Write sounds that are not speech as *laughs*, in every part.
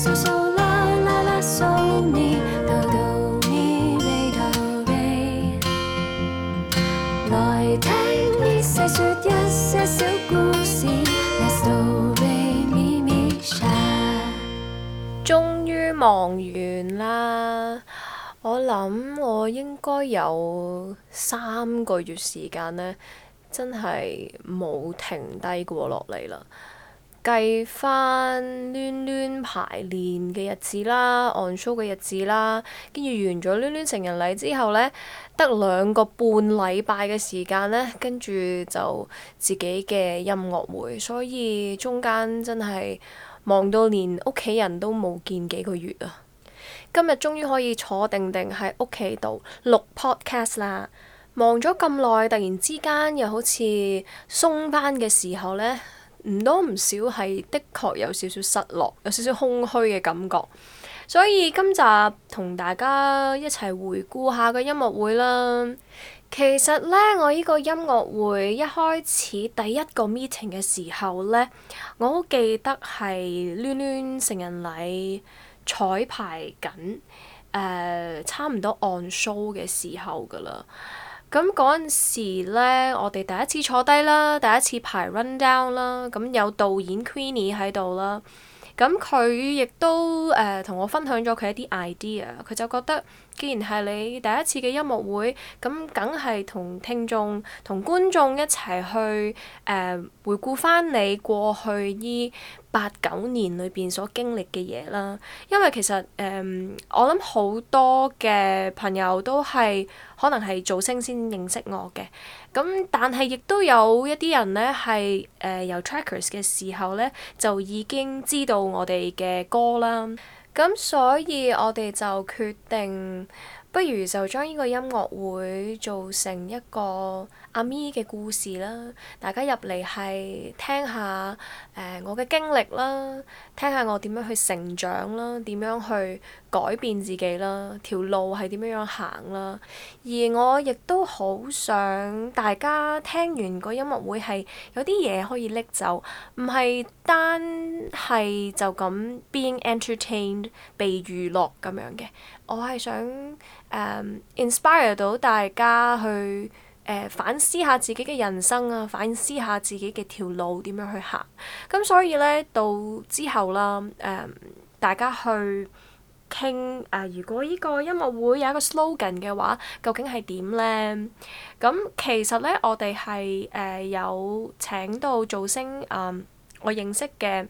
哆哆咪咪哆咪，來聽你細説一些小故事。終於忙完啦，我諗我應該有三個月時間呢，真係冇停低過落嚟啦。計返攣攣排練嘅日子啦，on show 嘅日子啦，跟住完咗攣攣成人禮之後呢，得兩個半禮拜嘅時間呢，跟住就自己嘅音樂會，所以中間真係忙到連屋企人都冇見幾個月啊！今日終於可以坐定定喺屋企度錄 podcast 啦，忙咗咁耐，突然之間又好似鬆班嘅時候呢。唔多唔少係的確有少少失落，有少少空虛嘅感覺。所以今集同大家一齊回顧下個音樂會啦。其實呢，我呢個音樂會一開始第一個 meeting 嘅時候呢，我好記得係攣攣成人禮彩排緊，誒、呃、差唔多 on show 嘅時候㗎啦。咁嗰陣時咧，我哋第一次坐低啦，第一次排 rundown 啦，咁有導演 Queenie 喺度啦，咁佢亦都誒同、呃、我分享咗佢一啲 idea，佢就覺得既然係你第一次嘅音樂會，咁梗係同聽眾、同觀眾一齊去誒、呃、回顧返你過去依八九年裏邊所經歷嘅嘢啦，因為其實誒、嗯，我諗好多嘅朋友都係可能係造星先認識我嘅，咁但係亦都有一啲人咧係誒由 trackers 嘅時候咧，就已經知道我哋嘅歌啦，咁所以我哋就決定，不如就將呢個音樂會做成一個。阿、啊、咪嘅故事啦，大家入嚟係聽下誒、呃、我嘅經歷啦，聽下我點樣去成長啦，點樣去改變自己啦，條路係點樣樣行啦。而我亦都好想大家聽完個音樂會係有啲嘢可以拎走，唔係單係就咁 being entertained 被娛樂咁樣嘅。我係想、嗯、inspire 到大家去。誒、呃、反思下自己嘅人生啊，反思下自己嘅條路點樣去行。咁所以咧，到之後啦，誒、呃、大家去傾。誒、呃，如果依個音樂會有一個 slogan 嘅話，究竟係點咧？咁、嗯、其實咧，我哋係誒有請到造星誒，我認識嘅。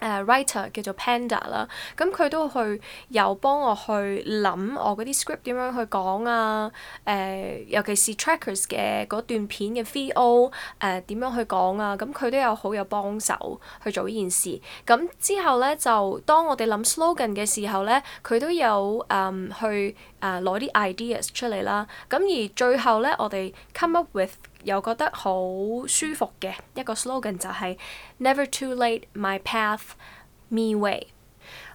誒、uh, writer 叫做 Panda 啦，咁、嗯、佢都去有幫我去諗我嗰啲 script 點樣去講啊，誒、呃、尤其是 trackers 嘅嗰段片嘅 VO 誒、呃、點樣去講啊，咁、嗯、佢都有好有幫手去做呢件事。咁、嗯、之後咧就當我哋諗 slogan 嘅時候咧，佢都有誒、嗯、去誒攞、呃、啲 ideas 出嚟啦。咁、嗯、而最後咧，我哋 come up with 又覺得好舒服嘅一個 slogan 就係，Never too late, my path, me way。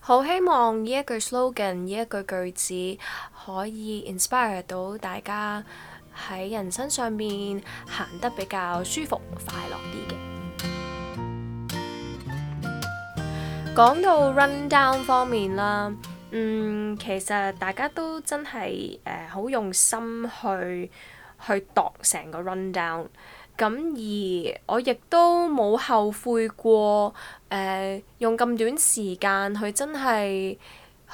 好希望呢一句 slogan，呢一句句子可以 inspire 到大家喺人生上面行得比較舒服、快樂啲嘅。講到 run down 方面啦，嗯，其實大家都真係誒好用心去。去度成個 run down，咁而我亦都冇後悔過，誒、呃、用咁短時間去真係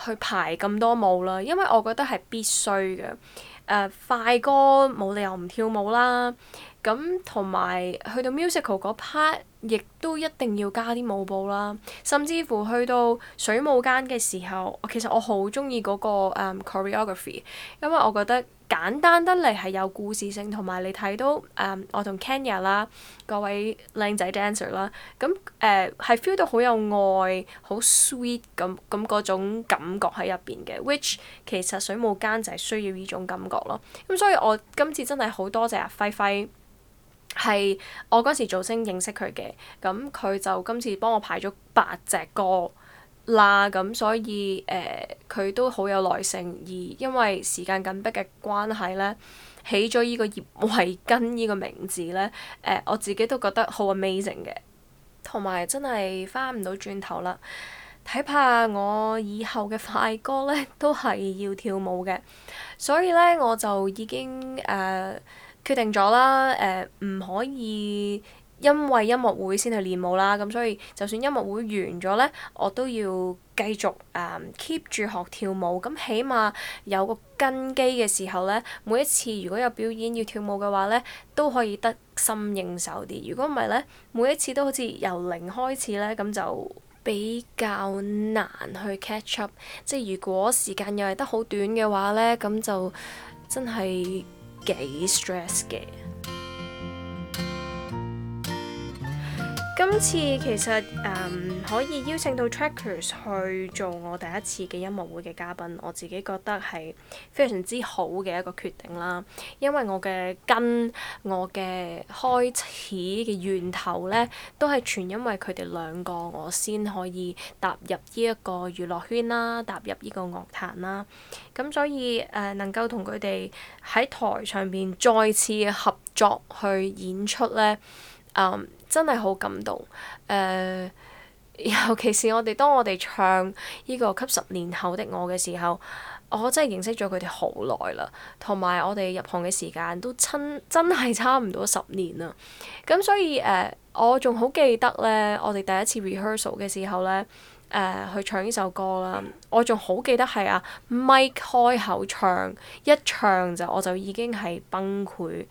去排咁多舞啦，因為我覺得係必須嘅。誒、呃、快歌冇理由唔跳舞啦，咁同埋去到 musical 嗰 part 亦都一定要加啲舞步啦，甚至乎去到水舞間嘅時候，我其實我好鍾意嗰個、um, choreography，因為我覺得。簡單得嚟係有故事性，同埋你睇到誒、嗯，我同 Kenya 啦，各位靚仔 dancer 啦，咁、嗯、誒係、呃、feel 到好有愛、好 sweet 咁咁嗰種感覺喺入邊嘅，which 其實水舞間就係需要呢種感覺咯。咁、嗯、所以我今次真係好多謝阿、啊、輝。輝係我嗰時做星認識佢嘅，咁、嗯、佢就今次幫我排咗八隻歌。.啦咁，所以誒佢、呃、都好有耐性，而因為時間緊迫嘅關係呢，起咗呢個葉慧根呢個名字呢、呃、我自己都覺得好 amazing 嘅，同埋真係翻唔到轉頭啦，睇怕我以後嘅快歌呢都係要跳舞嘅，所以呢我就已經誒、呃、決定咗啦，唔、呃、可以。因為音樂會先去練舞啦，咁所以就算音樂會完咗呢，我都要繼續誒、um, keep 住學跳舞。咁起碼有個根基嘅時候呢，每一次如果有表演要跳舞嘅話呢，都可以得心應手啲。如果唔係呢，每一次都好似由零開始呢，咁就比較難去 catch up。即係如果時間又係得好短嘅話呢，咁就真係幾 stress 嘅。今次其實誒、嗯、可以邀請到 Trackers 去做我第一次嘅音樂會嘅嘉賓，我自己覺得係非常之好嘅一個決定啦。因為我嘅根、我嘅開始嘅源頭呢，都係全因為佢哋兩個，我先可以踏入呢一個娛樂圈啦，踏入呢個樂壇啦。咁所以誒、呃，能夠同佢哋喺台上面再次合作去演出呢。Um, 真係好感動，uh, 尤其是我哋當我哋唱呢個給十年後的我嘅時候，我真係認識咗佢哋好耐啦，同埋我哋入行嘅時間都真真係差唔多十年啦。咁所以誒，uh, 我仲好記得呢，我哋第一次 rehearsal 嘅時候呢，uh, 去唱呢首歌啦。我仲好記得係啊，Mike 開口唱一唱就我就已經係崩潰。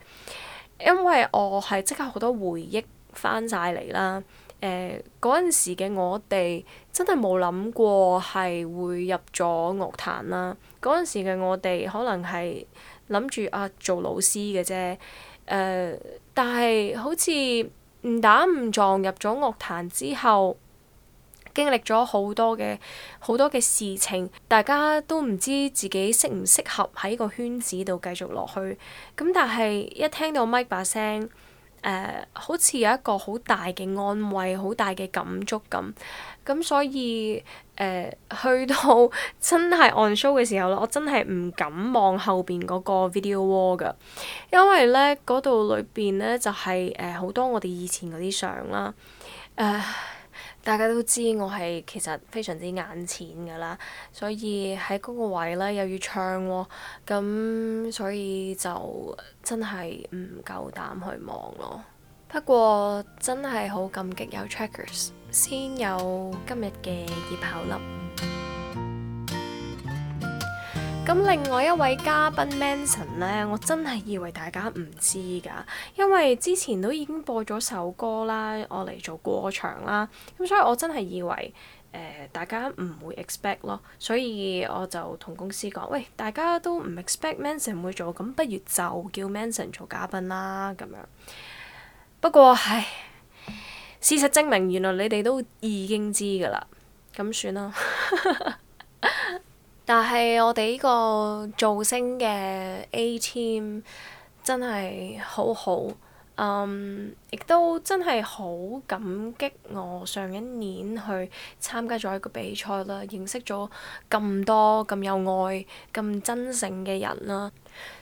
因為我係即刻好多回憶翻晒嚟啦，誒、呃、嗰陣時嘅我哋真係冇諗過係會入咗樂壇啦，嗰陣時嘅我哋可能係諗住啊做老師嘅啫，呃，但係好似誤打誤撞入咗樂壇之後。經歷咗好多嘅好多嘅事情，大家都唔知自己適唔適合喺個圈子度繼續落去。咁但係一聽到 Mike 把聲，誒、呃、好似有一個好大嘅安慰、好大嘅感觸咁。咁所以誒、呃、去到真係 on show 嘅時候咧，我真係唔敢望後邊嗰個 video wall 㗎，因為咧嗰度裏邊咧就係誒好多我哋以前嗰啲相啦，誒、呃。大家都知我係其實非常之眼淺㗎啦，所以喺嗰個位呢又要唱喎、啊，咁所以就真係唔夠膽去望咯。不過真係好感激有 Checkers，先有今日嘅葉厚粒。咁另外一位嘉賓 Manson 咧，我真係以為大家唔知噶因為之前都已經播咗首歌啦，我嚟做過場啦，咁所以我真係以為，呃，大家唔會 expect 咯，所以我就同公司講，喂，大家都唔 expect Manson 會做，咁不如就叫 Manson 做嘉賓啦，咁樣。不過唉，事實證明，原來你哋都已經知噶啦，咁算啦。 *laughs* 但係我哋呢個造星嘅 A Team 真係好好，亦、um, 都真係好感激我上一年去參加咗一個比賽啦，認識咗咁多咁有愛、咁真誠嘅人啦。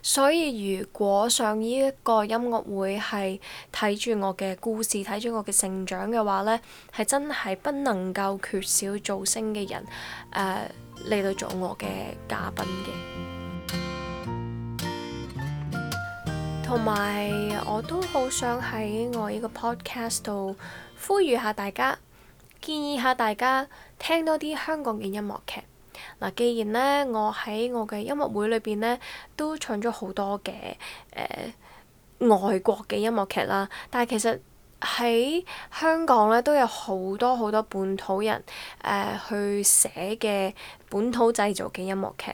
所以如果上呢一個音樂會係睇住我嘅故事、睇住我嘅成長嘅話咧，係真係不能夠缺少造星嘅人誒。Uh, 嚟到做我嘅嘉賓嘅，同埋我都好想喺我呢個 podcast 度呼籲下大家，建議下大家聽多啲香港嘅音樂劇。嗱、啊，既然呢，我喺我嘅音樂會裏邊呢，都唱咗好多嘅誒、呃、外國嘅音樂劇啦，但係其實，喺香港咧，都有好多好多本土人誒、呃、去寫嘅本土製造嘅音樂劇。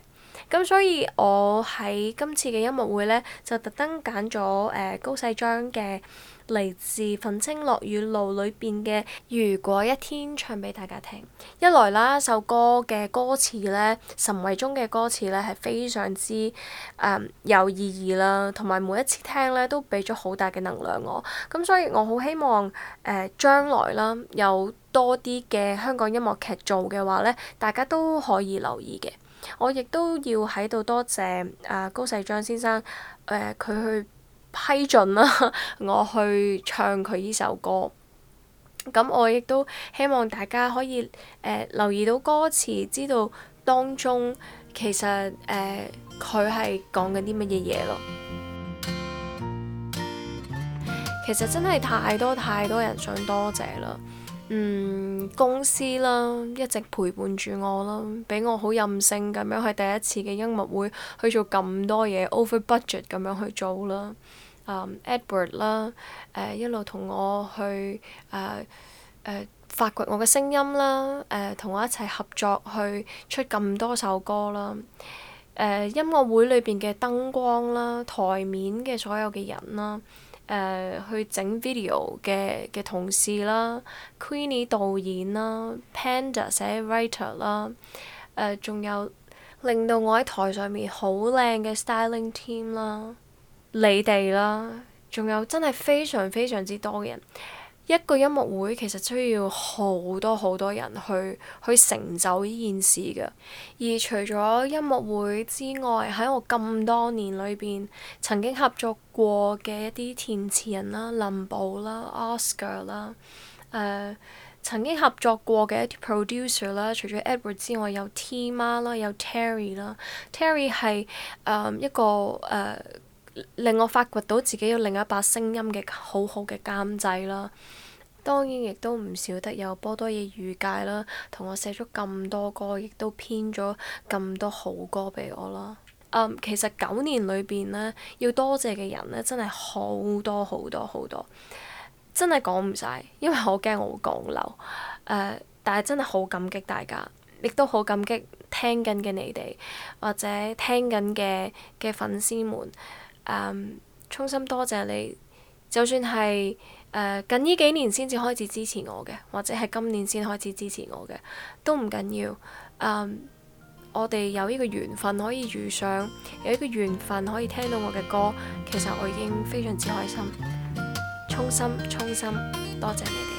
咁所以，我喺今次嘅音樂會咧，就特登揀咗誒高世章嘅嚟自《奮青樂盈路》裏邊嘅《如果一天》唱俾大家聽。一來啦，首歌嘅歌詞咧，岑偉宗嘅歌詞咧係非常之誒、呃、有意義啦，同埋每一次聽咧都俾咗好大嘅能量我。咁所以，我好希望誒將、呃、來啦有多啲嘅香港音樂劇做嘅話咧，大家都可以留意嘅。我亦都要喺度多謝啊高世章先生，誒、呃、佢去批准啦，我去唱佢呢首歌。咁我亦都希望大家可以誒、呃、留意到歌詞，知道當中其實誒佢係講緊啲乜嘢嘢咯。其實真係太多太多人想多謝啦～嗯，公司啦，一直陪伴住我啦，俾我好任性咁樣喺第一次嘅音樂會去做咁多嘢，over budget 咁樣去做啦。嗯、um，Edward 啦，誒、呃、一路同我去誒誒、呃呃、發掘我嘅聲音啦，誒、呃、同我一齊合作去出咁多首歌啦。誒、呃、音樂會裏邊嘅燈光啦，台面嘅所有嘅人啦。誒、呃、去整 video 嘅嘅同事啦，Queenie 導演啦，Panda 寫 writer 啦，誒、呃、仲有令到我喺台上面好靚嘅 styling team 啦，你哋啦，仲有真係非常非常之多嘅人。一個音樂會其實需要好多好多人去去成就呢件事㗎。而除咗音樂會之外，喺我咁多年裏邊曾經合作過嘅一啲填詞人啦、林寶啦、Oscar 啦、誒、呃、曾經合作過嘅一啲 producer 啦，除咗 Edward 之外，有 T 媽啦、有 Terry 啦。Terry 係誒、呃、一個誒、呃令我發掘到自己有另一把聲音嘅好好嘅監製啦。當然亦都唔少得有波多野雨介啦，同我寫咗咁多歌，亦都編咗咁多好歌俾我啦，嗯。其實九年裏邊呢，要多謝嘅人呢，真係好多好多好多，真係講唔晒，因為我驚我會講漏、呃、但係真係好感激大家，亦都好感激聽緊嘅你哋或者聽緊嘅嘅粉絲們。誒，um, 衷心多謝你，就算係誒，uh, 近呢幾年先至開始支持我嘅，或者係今年先開始支持我嘅，都唔緊要。嗯，um, 我哋有呢個緣分可以遇上，有呢個緣分可以聽到我嘅歌，其實我已經非常之開心。衷心，衷心多謝你哋。